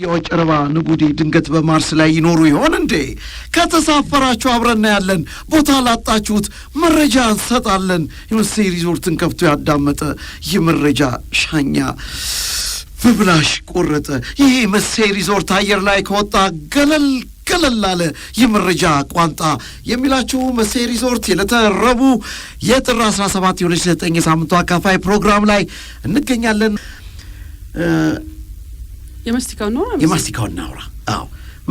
ያው ጨረባ ንጉዴ ድንገት በማርስ ላይ ይኖሩ ይሆን እንዴ? ከተሳፈራችሁ አብረና ያለን ቦታ ላጣችሁት መረጃ እንሰጣለን። የመሴ ሪዞርትን ከፍቶ ያዳመጠ ይህ መረጃ ሻኛ በብላሽ ቆረጠ። ይህ መሴ ሪዞርት አየር ላይ ከወጣ ገለል ገለል አለ የመረጃ ቋንጣ የሚላችሁ መሴ ሪዞርት የዕለተ ረቡዕ የጥር 17 2009 የሳምንቱ አካፋይ ፕሮግራም ላይ እንገኛለን። የማስቲካውን እናውራ። አዎ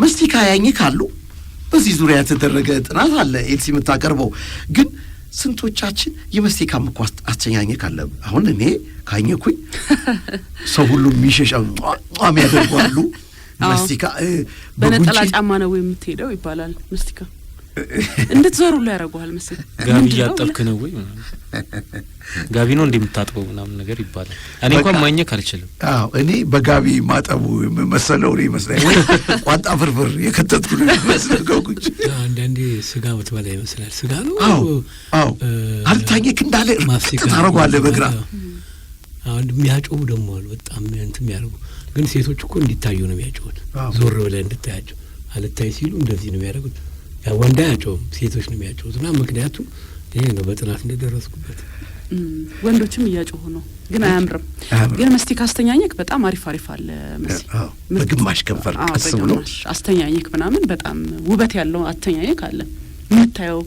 ማስቲካ ያኝ ካሉ በዚህ ዙሪያ የተደረገ ጥናት አለ ኤልሲ የምታቀርበው ግን ስንቶቻችን የማስቲካም እኮ አስቸኛኝ ካለ አሁን እኔ ካኘኩኝ ሰው ሁሉ የሚሸሻ ጧም ያደርጓሉ። በነጠላ ጫማ ነው የምትሄደው ይባላል መስቲካ እንድትዞሩ ላይ ያደርገዋል መስል ጋቢ እያጠብክ ነው ወይ ጋቢ ነው እንዲህ ምናምን ነገር ይባላል። እኔ እንኳን ማኘክ አልችልም። አዎ እኔ በጋቢ ማጠቡ መሰለው ነው ይመስላል። ወይ ቋንጣ ፍርፍር የከተትኩ ነው ይመስላል። ከውጭ አንዳንዴ ስጋ ምትበላ ይመስላል። ስጋ ነው። አዎ አዎ አልታኘክ እንዳለ ታረጓለ በግራ አሁን የሚያጮሁ ደግሞ አሉ። በጣም እንትን የሚያደርጉ ግን ሴቶች እኮ እንዲታዩ ነው የሚያጮሁት። ዞር ብለህ እንድታያቸው አልታይ ሲሉ እንደዚህ ነው የሚያደርጉት። ወንድ አያጨውም፣ ሴቶች ነው የሚያጨውት። እና ምክንያቱ ይሄ ነው በጥናት እንደደረስኩበት። ወንዶችም እያጮሁ ነው፣ ግን አያምርም። ግን መስቲ ካስተኛኘክ በጣም አሪፍ አሪፍ አለ መስ በግማሽ ከንፈር ቀስ ብሎ አስተኛኘክ ምናምን በጣም ውበት ያለው አተኛኘክ አለ የምታየው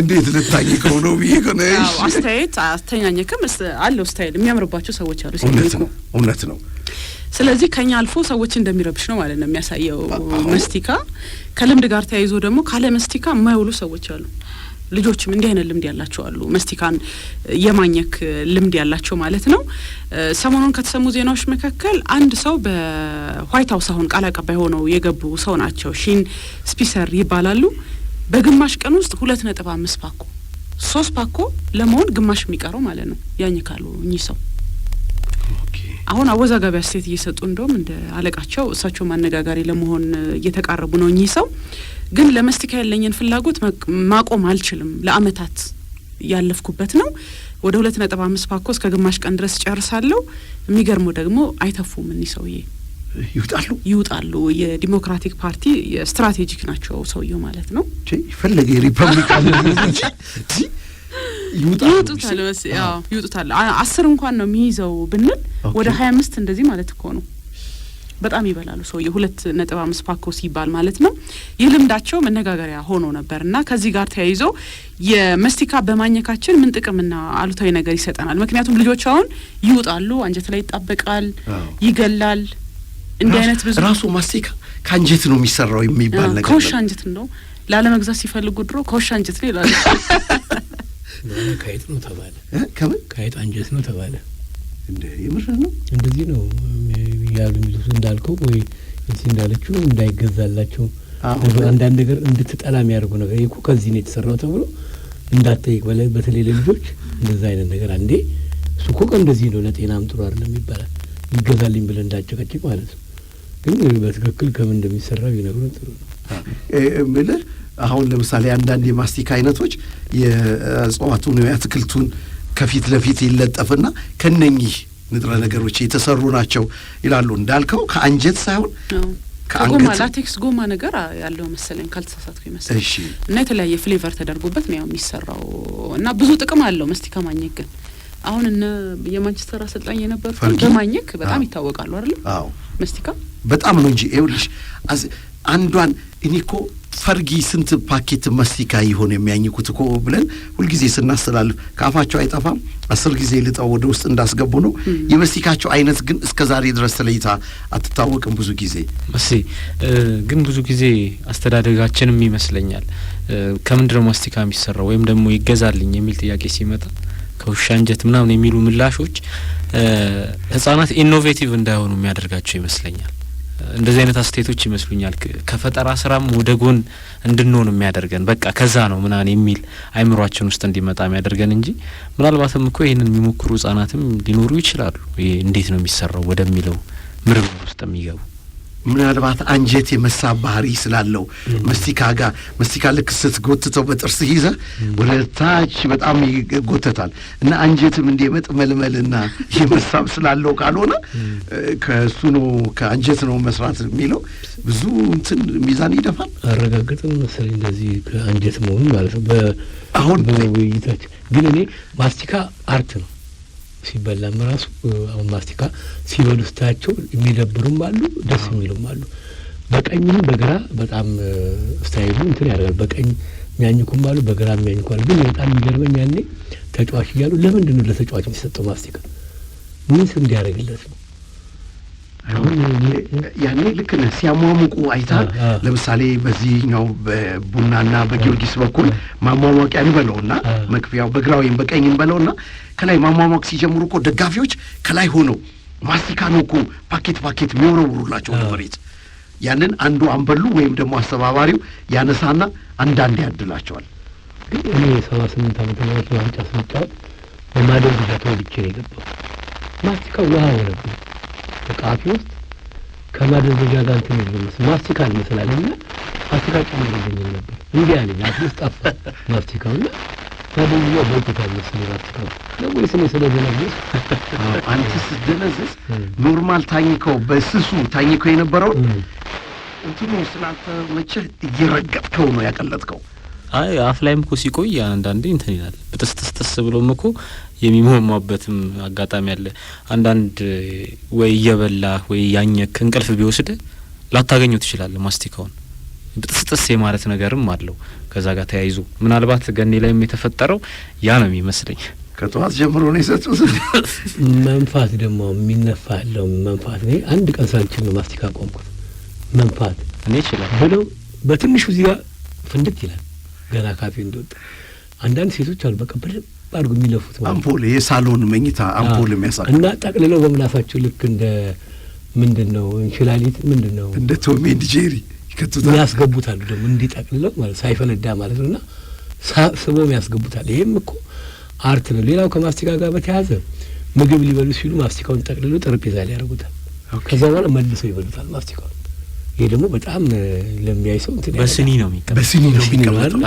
እንዴት ልታኝከው ነው ብዬ ከሆነ አስተያየት አስተኛኘክም አለው ስታይል የሚያምርባቸው ሰዎች አሉ። እውነት ነው እውነት ነው። ስለዚህ ከኛ አልፎ ሰዎች እንደሚረብሽ ነው ማለት ነው የሚያሳየው መስቲካ። ከልምድ ጋር ተያይዞ ደግሞ ካለ መስቲካ የማይውሉ ሰዎች አሉ። ልጆችም እንዲህ አይነት ልምድ ያላቸው አሉ። መስቲካን የማኘክ ልምድ ያላቸው ማለት ነው። ሰሞኑን ከተሰሙ ዜናዎች መካከል አንድ ሰው በዋይት ሀውስ አሁን ቃል አቀባይ ሆነው የገቡ ሰው ናቸው። ሺን ስፒሰር ይባላሉ። በግማሽ ቀን ውስጥ ሁለት ነጥብ አምስት ፓኮ ሶስት ፓኮ ለመሆን ግማሽ የሚቀረው ማለት ነው ያኝካሉ እኚህ ሰው አሁን አወዛጋቢ አስተያየት እየሰጡ እንደውም እንደ አለቃቸው እሳቸው ማነጋጋሪ ለመሆን እየተቃረቡ ነው። እኚህ ሰው ግን ለመስቲካ ያለኝን ፍላጎት ማቆም አልችልም። ለአመታት ያለፍኩበት ነው። ወደ ሁለት ነጥብ አምስት ፓኮ እስከ ግማሽ ቀን ድረስ ጨርሳለሁ። የሚገርመው ደግሞ አይተፉም። እኒህ ሰውዬ ይውጣሉ ይውጣሉ። የዲሞክራቲክ ፓርቲ ስትራቴጂክ ናቸው ሰውየው ማለት ነው። ፈለገ ሪፐብሊካን ይውጡታል ይውጡታል። አስር እንኳን ነው የሚይዘው ብንል ወደ ሀያ አምስት እንደዚህ ማለት እኮ ነው። በጣም ይበላሉ ሰው ሁለት ነጥብ አምስት ፓኮ ሲባል ማለት ነው። ይህ ልምዳቸው መነጋገሪያ ሆኖ ነበር እና ከዚህ ጋር ተያይዞ የመስቲካ በማኘካችን ምን ጥቅምና አሉታዊ ነገር ይሰጠናል? ምክንያቱም ልጆች አሁን ይውጣሉ፣ አንጀት ላይ ይጣበቃል፣ ይገላል። እንዲህ አይነት ብዙ ራሱ ማስቲካ ከአንጀት ነው የሚሰራው የሚባል ነገር ከውሻ አንጀት ነው። ላለመግዛት ሲፈልጉ ድሮ ከውሻ አንጀት ነው ይላሉ። ከየት ነው ተባለ። ከምን ከየት አንጀት ነው ተባለ። እንደ የምር ነው እንደዚህ ነው ያሉ የሚሉት እንዳልከው ወይ እዚህ እንዳለችው እንዳይገዛላቸው አንዳንድ ነገር እንድትጠላ የሚያደርጉ ነገር ይህ እኮ ከዚህ ነው የተሰራው ተብሎ እንዳትጠይቅ በተለይ ለልጆች እንደዛ አይነት ነገር አንዴ እሱ እኮ እንደዚህ ነው ለጤናም ጥሩ አይደለም ይባላል። ይገዛልኝ ብለን እንዳጨቀጭቅ ማለት ነው። ግን በትክክል ከምን እንደሚሰራው ቢነግሩን ጥሩ ነው። አሁን ለምሳሌ አንዳንድ የማስቲክ አይነቶች የእጽዋቱን ወይ አትክልቱን ከፊት ለፊት ይለጠፍና ከነኚህ ንጥረ ነገሮች የተሰሩ ናቸው ይላሉ። እንዳልከው ከአንጀት ሳይሆን ከጎማ ላቴክስ ጎማ ነገር ያለው መሰለኝ ካልተሳሳትኩ ይመስል እና የተለያየ ፍሌቨር ተደርጎበት ነው ያው የሚሰራው እና ብዙ ጥቅም አለው መስቲካ ማኘክ ግን አሁን እነ የማንቸስተር አሰልጣኝ የነበሩት በማኘክ በጣም ይታወቃሉ አይደለም መስቲካ በጣም ነው እንጂ ይኸውልሽ አንዷን እኔ እኮ ፈርጊ ስንት ፓኬት መስቲካ ይሆን የሚያኝኩት እኮ ብለን ሁልጊዜ ስናስተላልፍ ከአፋቸው አይጠፋም። አስር ጊዜ ልጠው ወደ ውስጥ እንዳስገቡ ነው። የመስቲካቸው አይነት ግን እስከ ዛሬ ድረስ ተለይታ አትታወቅም። ብዙ ጊዜ እሺ፣ ግን ብዙ ጊዜ አስተዳደጋችንም ይመስለኛል ከምንድነው ማስቲካ የሚሰራው ወይም ደግሞ ይገዛልኝ የሚል ጥያቄ ሲመጣ ከውሻ እንጀት ምናምን የሚሉ ምላሾች ህጻናት ኢኖቬቲቭ እንዳይሆኑ የሚያደርጋቸው ይመስለኛል። እንደዚህ አይነት አስተያየቶች ይመስሉኛል ከፈጠራ ስራም ወደ ጎን እንድንሆን የሚያደርገን በቃ ከዛ ነው ምናን የሚል አይምሯችን ውስጥ እንዲመጣ የሚያደርገን እንጂ ምናልባትም እኮ ይህንን የሚሞክሩ ህጻናትም ሊኖሩ ይችላሉ። ይሄ እንዴት ነው የሚሰራው ወደሚለው ምርምር ውስጥ የሚገቡ ምናልባት አንጀት የመሳብ ባህሪ ስላለው መስቲካ ጋር መስቲካ ልክ ስትጎትተው በጥርስ ይዘ ወደ ታች በጣም ይጎተታል እና አንጀትም እንደ መጥመልመልና የመሳብ ስላለው ካልሆነ ከእሱ ነው ከአንጀት ነው መስራት የሚለው ብዙ እንትን ሚዛን ይደፋል። አረጋግጥም መሰለኝ እንደዚህ ከአንጀት መሆኑ ማለት ነው። አሁን በውይይታችን ግን እኔ ማስቲካ አርት ነው ሲበላም ራሱ አሁን ማስቲካ ሲበሉ ስታያቸው የሚደብሩም አሉ፣ ደስ የሚሉም አሉ። በቀኝም በግራ በጣም ስታይሉ እንትን ያደርጋል። በቀኝ የሚያኝኩም አሉ፣ በግራ የሚያኝኩ አሉ። ግን በጣም የሚገርመኝ ያኔ ተጫዋች እያሉ ለምንድን ነው ለተጫዋች የሚሰጠው ማስቲካ? ምን እንዲያደርግለት ነው? አሁን ያኔ ልክ ነህ። ሲያሟሙቁ አይተሃል። ለምሳሌ በዚህኛው በቡናና በጊዮርጊስ በኩል ማሟሟቂያ እንበለውና መግቢያው በግራ ወይም በቀኝ ና ከላይ ማሟሟቅ ሲጀምሩ እኮ ደጋፊዎች ከላይ ሆነው ማስቲካ ነው እኮ ፓኬት ፓኬት የሚወረውሩላቸው መሬት። ያንን አንዱ አንበሉ ወይም ደግሞ አስተባባሪው ያነሳና አንዳንድ ያድላቸዋል። ግን እኔ የሰባ ስምንት ዓመተ ምህረት ዋንጫ ስንጫወት በማደር ብቻ ተወግቼ ነው የገባው። ማስቲካው ውሃ ሆነብኝ። ከቃፊ ውስጥ ከማደንዘዣ ጋር እንትን ይልምስ ማስቲካ ይመስላል እና ማስቲካ ጨምርልኝ ነበር። እንዲህ አለኝ። አትሊስት ጠፋ ማስቲካው እና ማደንዘዣ ቦይኮታል መሰለኝ ማስቲካው ነው ወይስ እኔ ስለደነዘዝ? አንተ ስትደነዘዝ ኖርማል ታኝከው በስሱ ታኝከው የነበረውን እንትኑ ስላልተመቸህ እየረገጥከው ነው ያቀለጥከው። አይ አፍ ላይም እኮ ሲቆይ አንዳንዴ እንትን ይላል። ብጥስጥስጥስ ብሎም እኮ የሚሟሟበትም አጋጣሚ አለ። አንዳንድ ወይ እየበላ ወይ ያኘክ እንቅልፍ ቢወስድ ላታገኘው ትችላለህ። ማስቲካውን ብጥስጥስ የማለት ነገርም አለው። ከዛ ጋር ተያይዞ ምናልባት ገኔ ላይም የተፈጠረው ያ ነው የሚመስለኝ። ከጠዋት ጀምሮ ነው የሰጡት መንፋት። ደግሞ የሚነፋ ያለው መንፋት እኔ አንድ ቀን ሳልችል ነው ማስቲካ ቆምኩት። መንፋት እኔ ይችላል ብለው በትንሹ እዚህ ጋር ፍንድት ይላል ገና ካፌ እንደወጣ አንዳንድ ሴቶች አሉ በቃ በደንብ አድርጎ የሚለፉት አምፖል የሳሎን መኝታ አምፖል የሚያሳቅ እና ጠቅልለው በምላሳቸው ልክ እንደ ምንድን ነው እንሽላሊት ምንድን ነው እንደ ቶሜ ኤንድ ጄሪ ይከቱታል፣ ያስገቡታሉ ደግሞ እንዲጠቅልለው ማለት ሳይፈነዳ ማለት ነው እና ስቦም ያስገቡታል። ይሄም እኮ አርት ነው። ሌላው ከማስቲካ ጋር በተያያዘ ምግብ ሊበሉ ሲሉ ማስቲካውን ጠቅልሎ ጠረጴዛ ላይ ያደርጉታል። ከዛ በኋላ መልሰው ይበሉታል ማስቲካውን ይሄ ደግሞ በጣም ለሚያይ ሰው እንትን በስኒ ነው በስኒ ነው የሚቀመጠው።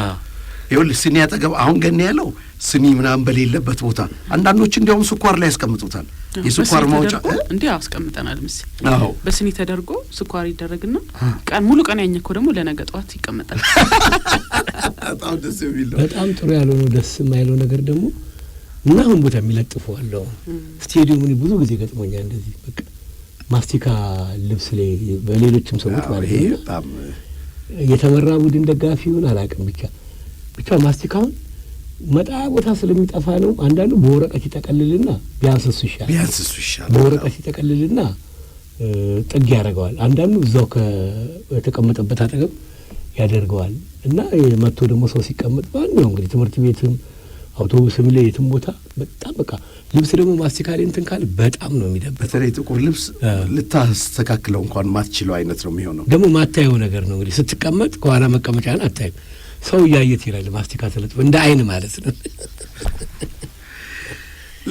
ይኸውልህ ስኒ አጠገብ አሁን ገና ያለው ስኒ ምናምን በሌለበት ቦታ አንዳንዶች እንዲያውም ስኳር ላይ ያስቀምጡታል። የስኳር ማውጫ እንዲህ አስቀምጠናል ምስ አዎ፣ በስኒ ተደርጎ ስኳር ይደረግና ቀን ሙሉ ቀን ያኘከው ደግሞ ለነገ ጠዋት ይቀመጣል። በጣም ደስ የሚል በጣም ጥሩ ያልሆነው ደስ የማይለው ነገር ደግሞ እና አሁን ቦታ የሚለጥፈዋለሁ ስቴዲየሙን ብዙ ጊዜ ገጥሞኛል እንደዚህ በቃ ማስቲካ ልብስ ላይ በሌሎችም ሰዎች ማለት ነው። በጣም የተመራ ቡድን ደጋፊ ደጋፊውን አላውቅም፣ ብቻ ብቻ ማስቲካውን መጣ ቦታ ስለሚጠፋ ነው። አንዳንዱ በወረቀት ይጠቀልልና ቢያንስ እሱ ይሻል ቢያንስ እሱ ይሻል በወረቀት ይጠቀልልና ጥግ ያደርገዋል። አንዳንዱ እዛው ከተቀመጠበት አጠገብ ያደርገዋል እና መጥቶ ደግሞ ሰው ሲቀመጥ በአንዱ እንግዲህ ትምህርት ቤትም አውቶቡስም ላይ የትም ቦታ በጣም በቃ ልብስ ደግሞ ማስቲካ እንትን ካለ በጣም ነው የሚደብ። በተለይ ጥቁር ልብስ ልታስተካክለው እንኳን ማትችለው አይነት ነው የሚሆነው። ደግሞ ማታየው ነገር ነው እንግዲህ ስትቀመጥ ከኋላ መቀመጫን አታይም። ሰው እያየት ይላል ማስቲካ ተለጥፎ እንደ አይን ማለት ነው።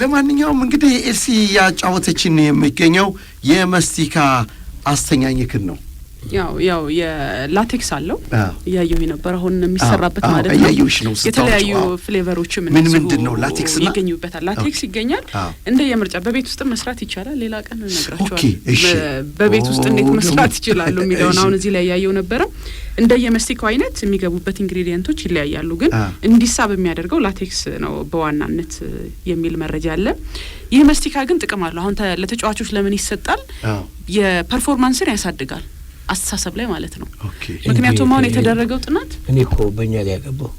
ለማንኛውም እንግዲህ ኤልሲ ያጫወተችን የሚገኘው የማስቲካ አስተኛኝክን ነው። ያው ያው የላቴክስ አለው እያየሁ ነበር። አሁን የሚሰራበት ማለት ነው። የተለያዩ ፍሌቨሮችም ምን ምንድን ነው ላቴክስ ይገኙበታል። ላቴክስ ይገኛል እንደ የምርጫ በቤት ውስጥ መስራት ይቻላል። ሌላ ቀን እነግራቸዋለሁ በቤት ውስጥ እንዴት መስራት ይችላሉ የሚለውን አሁን እዚህ ላይ እያየሁ ነበረ። እንደ የመስቲኮ አይነት የሚገቡበት ኢንግሪዲየንቶች ይለያያሉ፣ ግን እንዲሳብ የሚያደርገው ላቴክስ ነው በዋናነት የሚል መረጃ አለ። ይህ መስቲካ ግን ጥቅም አለው። አሁን ለተጫዋቾች ለምን ይሰጣል? የፐርፎርማንስን ያሳድጋል አስተሳሰብ ላይ ማለት ነው። ምክንያቱም አሁን የተደረገው ጥናት እኔ እኮ በእኛ ላይ ያገባው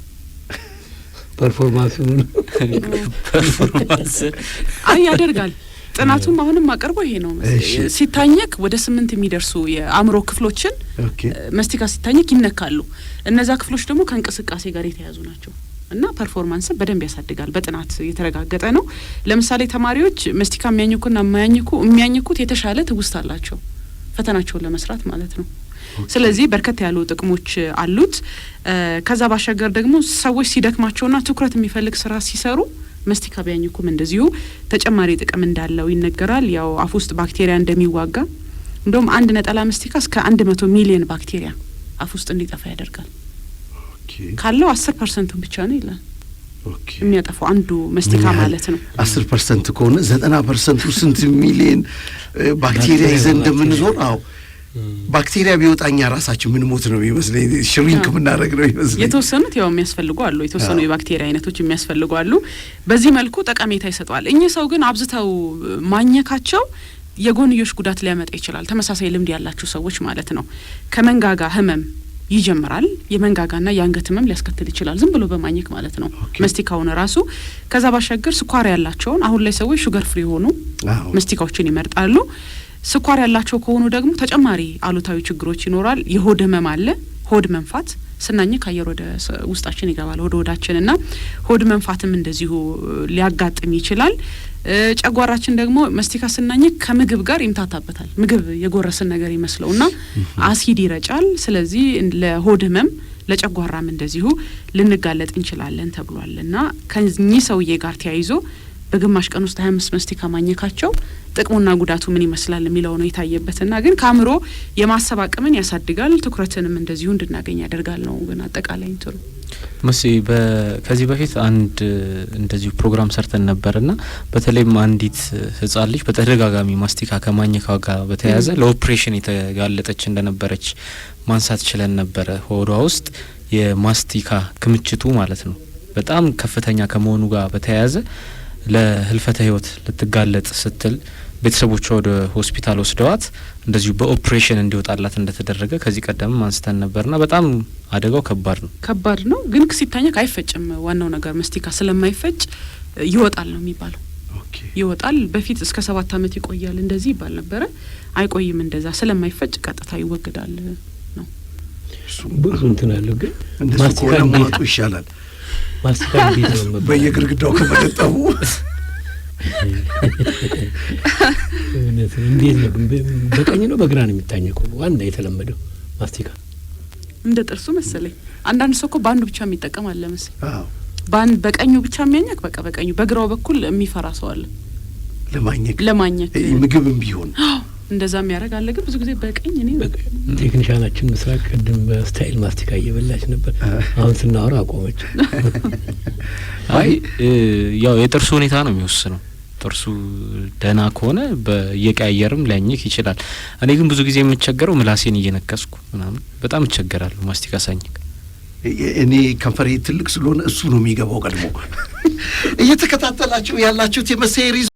ፐርፎርማንስ ፐርፎርማንስ አይ ያደርጋል። ጥናቱም አሁንም አቀርበው ይሄ ነው ሲታኘክ ወደ ስምንት የሚደርሱ የአእምሮ ክፍሎችን መስቲካ ሲታኘክ ይነካሉ። እነዛ ክፍሎች ደግሞ ከእንቅስቃሴ ጋር የተያዙ ናቸው እና ፐርፎርማንስን በደንብ ያሳድጋል። በጥናት የተረጋገጠ ነው። ለምሳሌ ተማሪዎች መስቲካ የሚያኝኩና የማያኝኩ የሚያኝኩት የተሻለ ትውስት አላቸው። ፈተናቸውን ለመስራት ማለት ነው። ስለዚህ በርከት ያሉ ጥቅሞች አሉት። ከዛ ባሻገር ደግሞ ሰዎች ሲደክማቸውና ትኩረት የሚፈልግ ስራ ሲሰሩ መስቲካ ቢያኝኩም እንደዚሁ ተጨማሪ ጥቅም እንዳለው ይነገራል። ያው አፍ ውስጥ ባክቴሪያ እንደሚዋጋ እንደውም አንድ ነጠላ መስቲካ እስከ አንድ መቶ ሚሊየን ባክቴሪያ አፍ ውስጥ እንዲጠፋ ያደርጋል። ካለው አስር ፐርሰንቱን ብቻ ነው ይላል። የሚያጠፋው አንዱ መስቲካ ማለት ነው። አስር ፐርሰንት ከሆነ ዘጠና ፐርሰንቱ ስንት ሚሊየን ባክቴሪያ ይዘን እንደምንዞር አዎ ባክቴሪያ ቢወጣኛ ራሳችን ምን ሞት ነው ይመስለኝ፣ ሽሪንክ ምናደረግ ነው ይመስለኝ። የተወሰኑት ያው የሚያስፈልጉ አሉ፣ የተወሰኑ የባክቴሪያ አይነቶች የሚያስፈልጉ አሉ። በዚህ መልኩ ጠቀሜታ ይሰጠዋል። እኚህ ሰው ግን አብዝተው ማኘካቸው የጎንዮሽ ጉዳት ሊያመጣ ይችላል። ተመሳሳይ ልምድ ያላችሁ ሰዎች ማለት ነው ከመንጋጋ ህመም ይጀምራል። የመንጋጋና የአንገት ህመም ሊያስከትል ይችላል፣ ዝም ብሎ በማኘክ ማለት ነው መስቲካ ሆነ ራሱ። ከዛ ባሻገር ስኳር ያላቸውን አሁን ላይ ሰዎች ሹገር ፍሪ የሆኑ መስቲካዎችን ይመርጣሉ። ስኳር ያላቸው ከሆኑ ደግሞ ተጨማሪ አሉታዊ ችግሮች ይኖራል። የሆድ ህመም አለ፣ ሆድ መንፋት ስናኝክ አየር ወደ ውስጣችን ይገባል ወደ ሆዳችን እና ሆድ መንፋትም እንደዚሁ ሊያጋጥም ይችላል። ጨጓራችን ደግሞ መስቲካ ስናኝክ ከምግብ ጋር ይምታታበታል። ምግብ የጎረስን ነገር ይመስለው እና አሲድ ይረጫል። ስለዚህ ለሆድ ህመም ለጨጓራም እንደዚሁ ልንጋለጥ እንችላለን ተብሏል እና ከኚህ ሰውዬ ጋር ተያይዞ በግማሽ ቀን ውስጥ 25 መስቲካ ማኘካቸው ጥቅሙና ጉዳቱ ምን ይመስላል የሚለው ነው የታየበትና ግን ከአእምሮ የማሰብ አቅምን ያሳድጋል፣ ትኩረትንም እንደዚሁ እንድናገኝ ያደርጋል ነው ግን አጠቃላይ እንትኑ መሲ ከዚህ በፊት አንድ እንደዚሁ ፕሮግራም ሰርተን ነበርና በተለይም አንዲት ህጻን ልጅ በተደጋጋሚ ማስቲካ ከማኘካ ጋር በተያያዘ ለኦፕሬሽን የተጋለጠች እንደነበረች ማንሳት ችለን ነበረ። ሆዷ ውስጥ የማስቲካ ክምችቱ ማለት ነው በጣም ከፍተኛ ከመሆኑ ጋር በተያያዘ ለህልፈተ ህይወት ልትጋለጥ ስትል ቤተሰቦቿ ወደ ሆስፒታል ወስደዋት እንደዚሁ በኦፕሬሽን እንዲወጣላት እንደተደረገ ከዚህ ቀደም አንስተን ነበርና በጣም አደጋው ከባድ ነው። ከባድ ነው ግን ሲታኘክ አይፈጭም። ዋናው ነገር መስቲካ ስለማይፈጭ ይወጣል ነው የሚባለው። ይወጣል በፊት እስከ ሰባት ዓመት ይቆያል እንደዚህ ይባል ነበረ። አይቆይም እንደዛ ስለማይፈጭ ቀጥታ ይወግዳል ነው። ብዙ እንትን አለው ግን ማስቲካ ይሻላል በየግርግዳው እንዴት ከመለጠፉ እንዴት ነው? በቀኝ ነው በግራ ነው የሚታኘቀው? ዋና የተለመደው ማስቲካ እንደ ጥርሱ መሰለኝ። አንዳንድ ሰው እኮ በአንዱ ብቻ የሚጠቀም አለ መሰለኝ። በአንድ በቀኙ ብቻ የሚያኘክ በቃ በቀኙ፣ በግራው በኩል የሚፈራ ሰው አለ ለማኘክ ለማኘክ ምግብም ቢሆን እንደዛ የሚያደርግ አለ። ግን ብዙ ጊዜ በቀኝ እኔ ቴክኒሻናችን ምስራቅ ቅድም በስታይል ማስቲካ እየበላች ነበር። አሁን ስናወራ አቆመች። አይ ያው የጥርሱ ሁኔታ ነው የሚወስነው። ጥርሱ ደህና ከሆነ በየቀያየርም ሊያኝክ ይችላል። እኔ ግን ብዙ ጊዜ የምቸገረው ምላሴን እየነከስኩ ምናምን በጣም እቸገራለሁ ማስቲካ ሳኝክ እኔ ከንፈሬ ትልቅ ስለሆነ እሱ ነው የሚገባው ቀድሞ። እየተከታተላችሁ ያላችሁት የመሰሪ